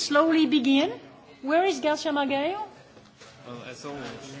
slowly begin? Where is Garcia Margallo? Well, as always.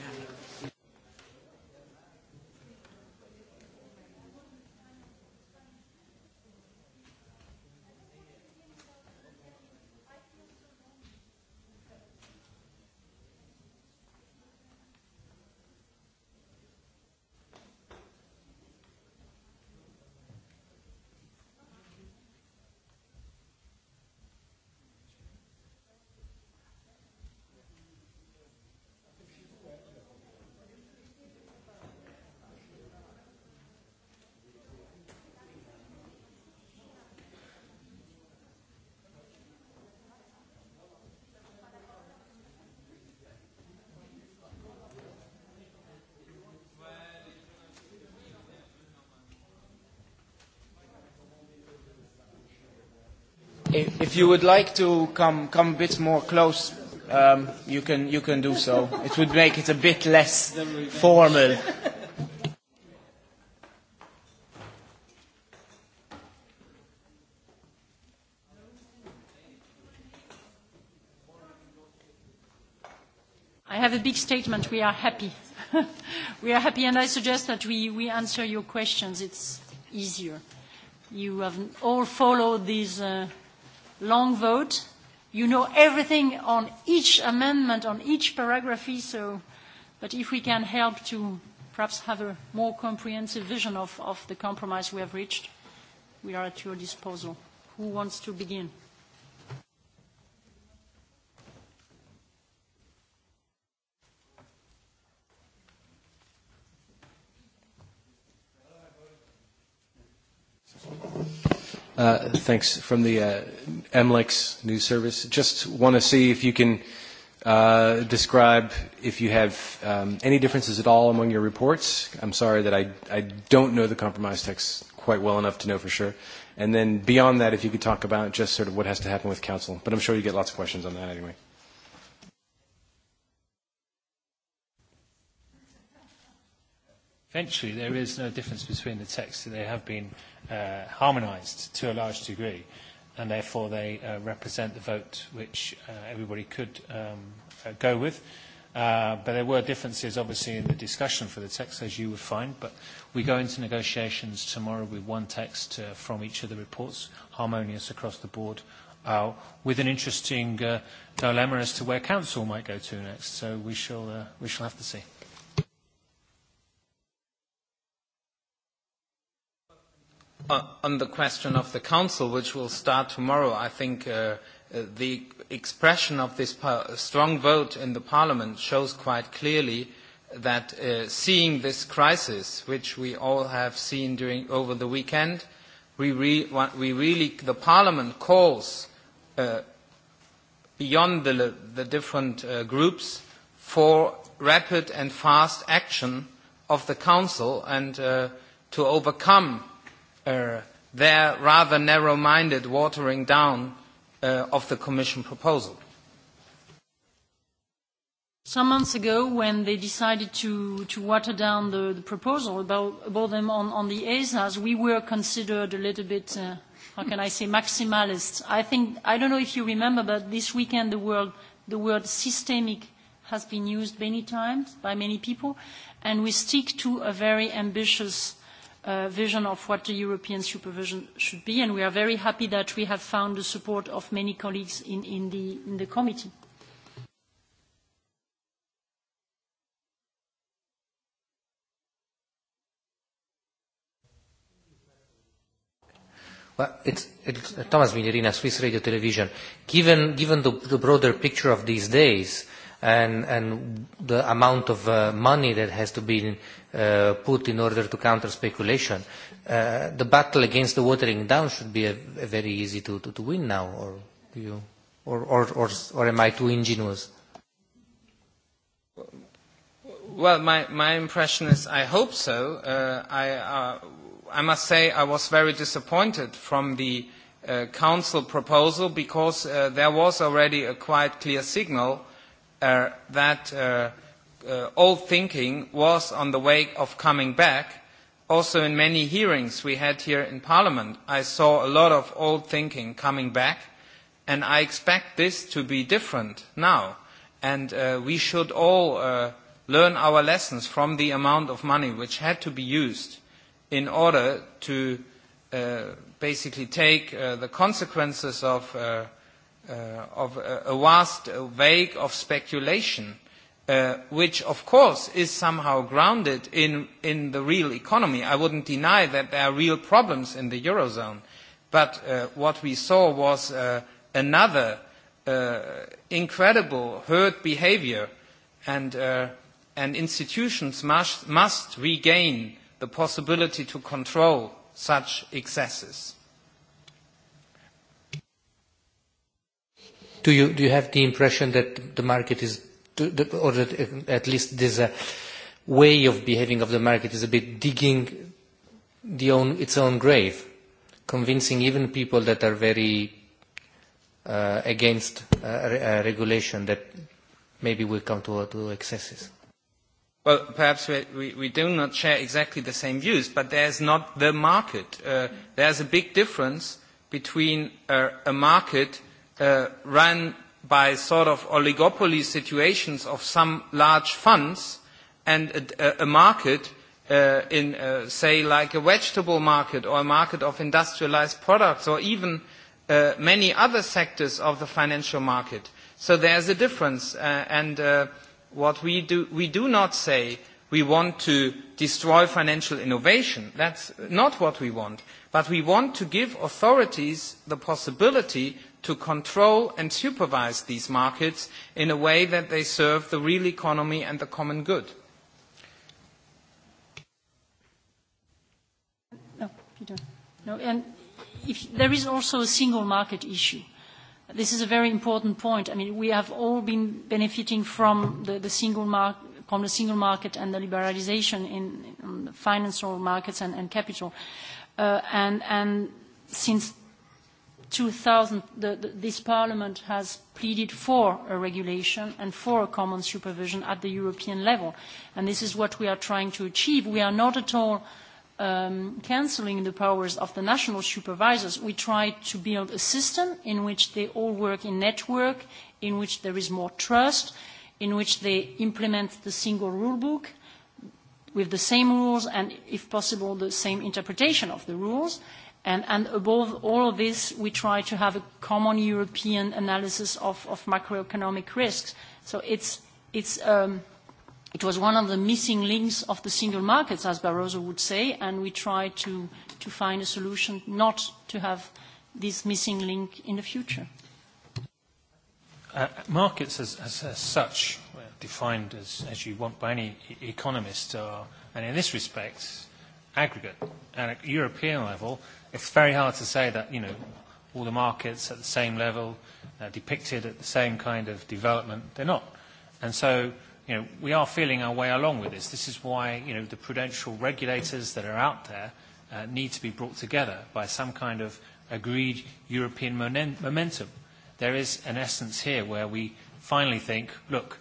if you would like to come come a bit more close, um, you can you can do so. It would make it a bit less formal. I have a big statement. We are happy. we are happy, and I suggest that we, we answer your questions. It's easier. You have all followed these. Uh, long vote. You know everything on each amendment, on each paragraph, so, but if we can help to perhaps have a more comprehensive vision of, of the compromise we have reached, we are at your disposal. Who wants to begin? Thanks. From the MLEX news service, just want to see if you can describe if you have any differences at all among your reports. I'm sorry that I don't know the compromise text quite well enough to know for sure. And then beyond that, if you could talk about just sort of what has to happen with council. But I'm sure you get lots of questions on that anyway. Eventually, there is no difference between the texts. They have been uh, harmonised to a large degree, and therefore they uh, represent the vote which uh, everybody could um, uh, go with. Uh, but there were differences, obviously, in the discussion for the text, as you would find. But we go into negotiations tomorrow with one text uh, from each of the reports, harmonious across the board, uh, with an interesting uh, dilemma as to where council might go to next. So we shall, uh, we shall have to see. on the question of the Council, which will start tomorrow, I think uh, the expression of this strong vote in the Parliament shows quite clearly that uh, seeing this crisis, which we all have seen during over the weekend, we, re we really, the Parliament calls uh, beyond the, the different uh, groups for rapid and fast action of the Council and uh, to overcome their rather narrow-minded watering down uh, of the Commission proposal. Some months ago, when they decided to, to water down the, the proposal about, about them on, on the ASAs, we were considered a little bit, uh, how can I say, maximalist. I think, I don't know if you remember, but this weekend the word, the word systemic has been used many times by many people, and we stick to a very ambitious vision of what the European supervision should be, and we are very happy that we have found the support of many colleagues in the committee. Well, it's, it's Thomas Minerina, Swiss Radio Television. Given, given the, the broader picture of these days, and, and the amount of uh, money that has to be uh, put in order to counter speculation. Uh, the battle against the watering down should be a, a very easy to, to, to win now, or, do you, or, or, or, or am I too ingenuous? Well, my, my impression is I hope so. Uh, I, uh, I must say I was very disappointed from the uh, council proposal because uh, there was already a quite clear signal uh, that uh, uh, old thinking was on the way of coming back. Also, in many hearings we had here in Parliament, I saw a lot of old thinking coming back, and I expect this to be different now. And uh, we should all uh, learn our lessons from the amount of money which had to be used in order to uh, basically take uh, the consequences of uh, uh, of a, a vast vague of speculation, uh, which of course is somehow grounded in, in the real economy. I wouldn't deny that there are real problems in the Eurozone, but uh, what we saw was uh, another uh, incredible herd behavior and, uh, and institutions must, must regain the possibility to control such excesses. Do you do you have the impression that the market is, or that at least there's a way of behaving of the market is a bit digging the own, its own grave, convincing even people that are very uh, against uh, uh, regulation that maybe we come to, to excesses. Well, perhaps we, we, we do not share exactly the same views, but there's not the market. Uh, there's a big difference between uh, a market uh, run by sort of oligopoly situations of some large funds and a, a market uh, in, uh, say, like a vegetable market or a market of industrialized products or even uh, many other sectors of the financial market. So there's a difference. Uh, and uh, what we do, we do not say we want to destroy financial innovation. That's not what we want. But we want to give authorities the possibility to control and supervise these markets in a way that they serve the real economy and the common good. No, Peter. No, and if, there is also a single market issue. This is a very important point. I mean, we have all been benefiting from the, the single market from the single market and the liberalization in, in financial markets and, and capital. Uh, and, and since 2000, the, the, this Parliament has pleaded for a regulation and for a common supervision at the European level. And this is what we are trying to achieve. We are not at all um, cancelling the powers of the national supervisors. We try to build a system in which they all work in network, in which there is more trust, in which they implement the single rule book with the same rules and, if possible, the same interpretation of the rules And, and above all of this, we try to have a common European analysis of, of macroeconomic risks. So it's, it's, um, it was one of the missing links of the single markets, as Barroso would say, and we try to, to find a solution not to have this missing link in the future. Uh, markets as, as, as such, defined as, as you want by any economist, are, and in this respect, aggregate at a European level, it's very hard to say that you know all the markets at the same level, uh, depicted at the same kind of development. They're not, and so you know we are feeling our way along with this. This is why you know the prudential regulators that are out there uh, need to be brought together by some kind of agreed European momentum. There is an essence here where we finally think, look,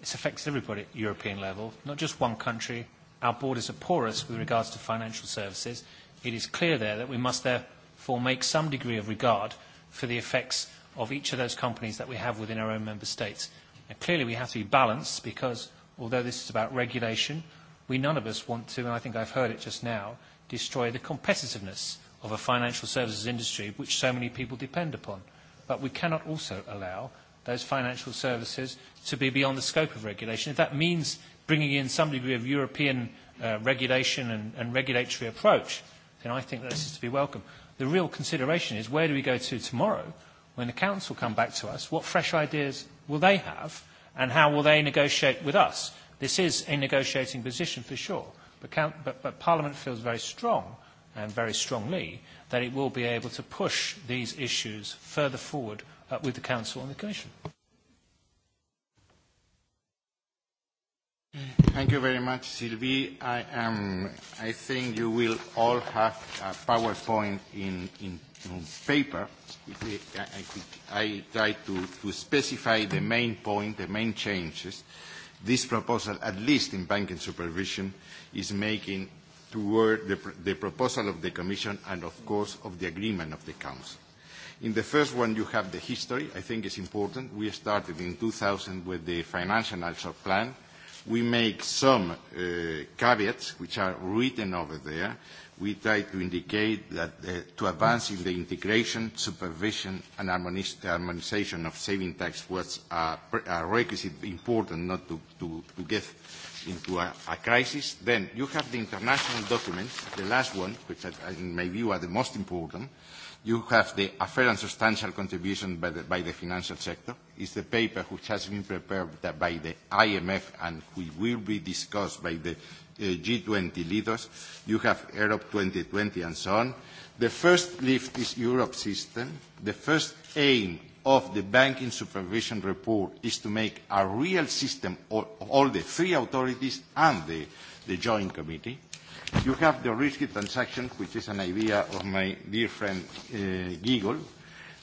this affects everybody at European level, not just one country, our borders are porous with regards to financial services, it is clear there that we must therefore make some degree of regard for the effects of each of those companies that we have within our own member states. Now, clearly, we have to be balanced because although this is about regulation, we none of us want to, and I think I've heard it just now, destroy the competitiveness of a financial services industry which so many people depend upon. But we cannot also allow those financial services to be beyond the scope of regulation. If that means bringing in some degree of European uh, regulation and, and regulatory approach, then I think that this is to be welcome. The real consideration is where do we go to tomorrow when the Council come back to us? What fresh ideas will they have? And how will they negotiate with us? This is a negotiating position for sure, but, count, but, but Parliament feels very strong and very strongly that it will be able to push these issues further forward uh, with the Council and the Commission. Thank you very much, Sylvie. I, am, I think you will all have a PowerPoint in, in, in paper. I, I, I try to, to specify the main point, the main changes this proposal, at least in banking supervision, is making toward the, the proposal of the Commission and, of course, of the agreement of the Council. In the first one, you have the history. I think it's important. We started in 2000 with the financial plan, We make some caveats, which are written over there. We try to indicate that to advance in the integration, supervision, and harmonization of saving tax was a requisite important not to get into a crisis. Then you have the international documents, the last one, which in my view are the most important, You have the a fair and substantial contribution by the, by the financial sector. It's the paper which has been prepared by the IMF and which will be discussed by the uh, G20 leaders. You have Europe 2020 and so on. The first lift is Europe system. The first aim of the banking supervision report is to make a real system of all the three authorities and the, the joint committee. You have the risky transaction, which is an idea of my dear friend uh, Giegold.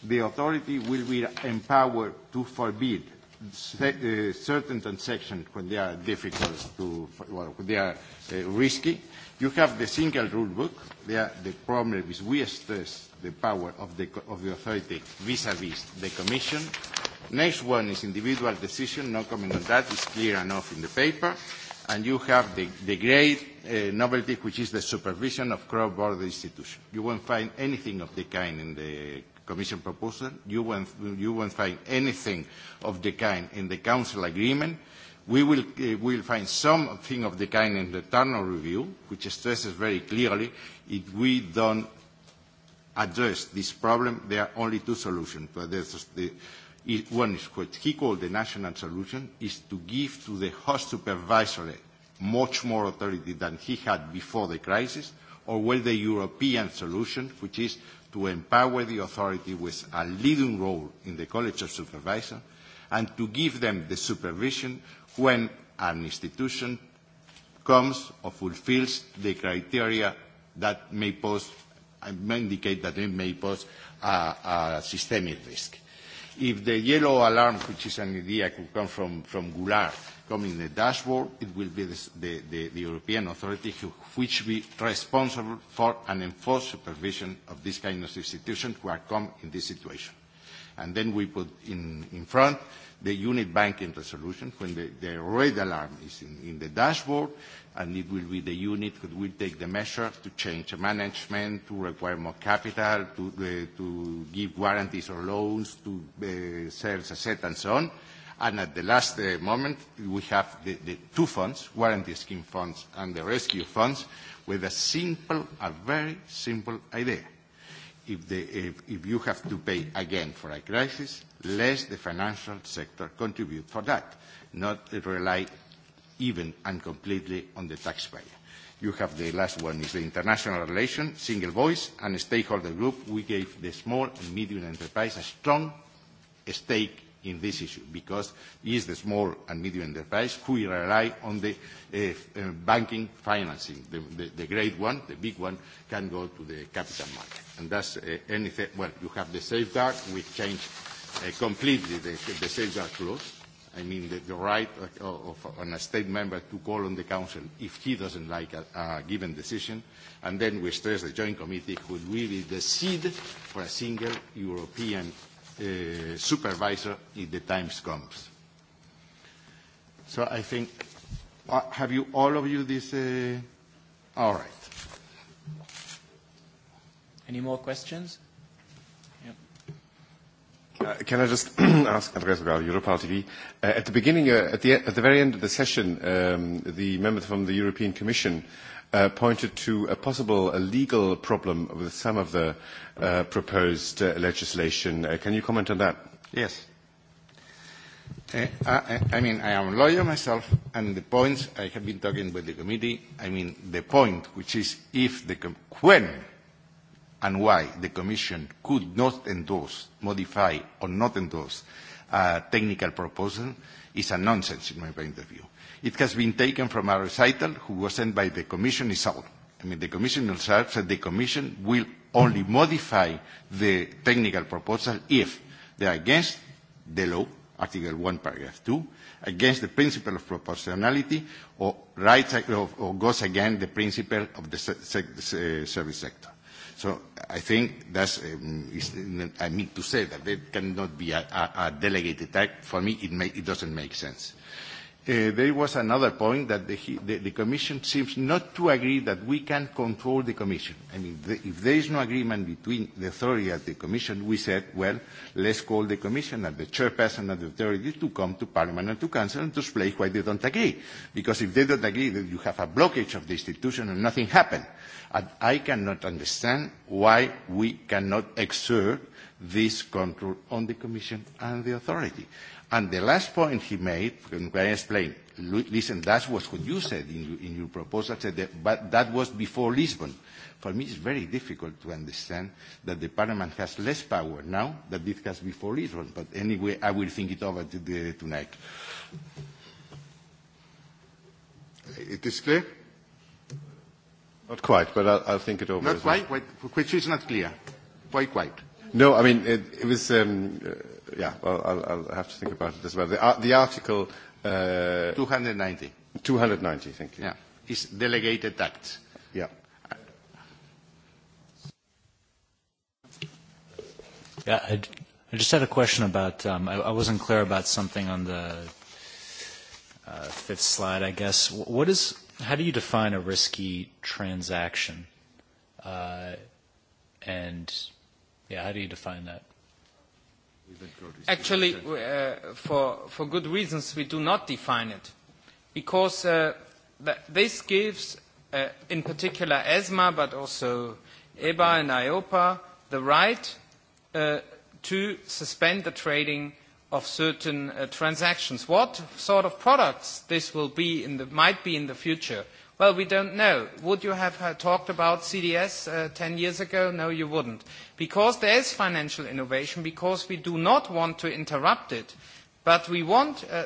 The authority will be empowered to forbid certain transactions when they are difficult to, well, when they are uh, risky. You have the single rule book. There, the problem is we stress the power of the, of the authority vis-à-vis the Commission. Next one is individual decision. No comment on that. It's clear enough in the paper. And you have the, the great novelty, which is the supervision of cross-border institutions. You won't find anything of the kind in the Commission proposal. You won't, you won't find anything of the kind in the Council agreement. We will, uh, will find something of the kind in the Turner Review, which stresses very clearly if we don't address this problem, there are only two solutions to address the one is what he called the national solution, is to give to the host supervisory much more authority than he had before the crisis, or will the European solution, which is to empower the authority with a leading role in the College of Supervisors and to give them the supervision when an institution comes or fulfills the criteria that may pose, may indicate that it may pose a, a systemic risk. If the yellow alarm, which is an idea, could come from, from Goulart, coming in the dashboard. It will be the, the, the, the European authority who, which be responsible for and enforce supervision of this kind of institutions who are come in this situation. And then we put in, in front the unit banking resolution when the, the red alarm is in, in the dashboard and it will be the unit that will take the measure to change the management, to require more capital, to, uh, to give guarantees or loans, to uh, sales, assets and so on And at the last uh, moment, we have the, the two funds, warranty scheme funds and the rescue funds, with a simple, a very simple idea. If, the, if, if you have to pay again for a crisis, let the financial sector contribute for that, not rely even and completely on the taxpayer. You have the last one is the international relation, single voice, and stakeholder group. We gave the small and medium enterprise a strong stake in this issue because it is the small and medium enterprise who rely on the uh, banking financing. The, the, the great one, the big one, can go to the capital market. And that's uh, anything. Well, you have the safeguard, which changed uh, completely the, the safeguard clause. I mean, the, the right of, of an state member to call on the Council if he doesn't like a, a given decision. And then we stress the Joint Committee who will be the seed for a single European supervisor if the time comes. So I think, have you all of you this? Uh, all right. Any more questions? Can I just ask Andreas Gal, Europal TV? At the beginning, at the very end of the session, the member from the European Commission uh, pointed to a possible legal problem with some of the uh, proposed uh, legislation. Uh, can you comment on that? Yes. Uh, I, I mean, I am a lawyer myself, and the points I have been talking with the committee, I mean, the point which is if the, com when and why the Commission could not endorse, modify, or not endorse a technical proposal is a nonsense in my point of view. It has been taken from a recital who was sent by the Commission itself. I mean, the Commission itself said the Commission will only modify the technical proposal if they are against the law, Article 1, Paragraph 2, against the principle of proportionality, or, rights, or, or goes against the principle of the se- service sector. So I think that's, um, I mean to say that it cannot be a, a, a delegated act. For me, it, may, it doesn't make sense there was another point that the, the, Commission seems not to agree that we can control the Commission. I mean, if there is no agreement between the authority and the Commission, we said, well, let's call the Commission and the chairperson and the authority to come to Parliament and to Council and to explain why they don't agree. Because if they don't agree, then you have a blockage of the institution and nothing happened. And I cannot understand why we cannot exert this control on the Commission and the authority. And the last point he made, can I explain? Listen, that was what you said in, in your proposal, said that, but that was before Lisbon. For me, it's very difficult to understand that the Parliament has less power now than it has before Lisbon. But anyway, I will think it over to the, tonight. It is clear? Not quite, but I'll, I'll think it over. Not quite, quite, which is not clear. Quite, quite. No, I mean, it, it was, um, uh, yeah, well, I'll, I'll have to think about it as well. The, uh, the article... Uh, 290. 290, thank you. Yeah, is delegated act. Yeah. Yeah, I, I just had a question about, um, I, I wasn't clear about something on the uh, fifth slide, I guess. What is, how do you define a risky transaction? Uh, and Yeah, how do you define that? Actually, uh, for, for good reasons, we do not define it because uh, th- this gives, uh, in particular, ESMA, but also EBA and IOPA, the right uh, to suspend the trading of certain uh, transactions. What sort of products this will be in the, might be in the future Well, we don't know. Would you have talked about CDS uh, 10 years ago? No, you wouldn't. Because there is financial innovation, because we do not want to interrupt it, but we want uh,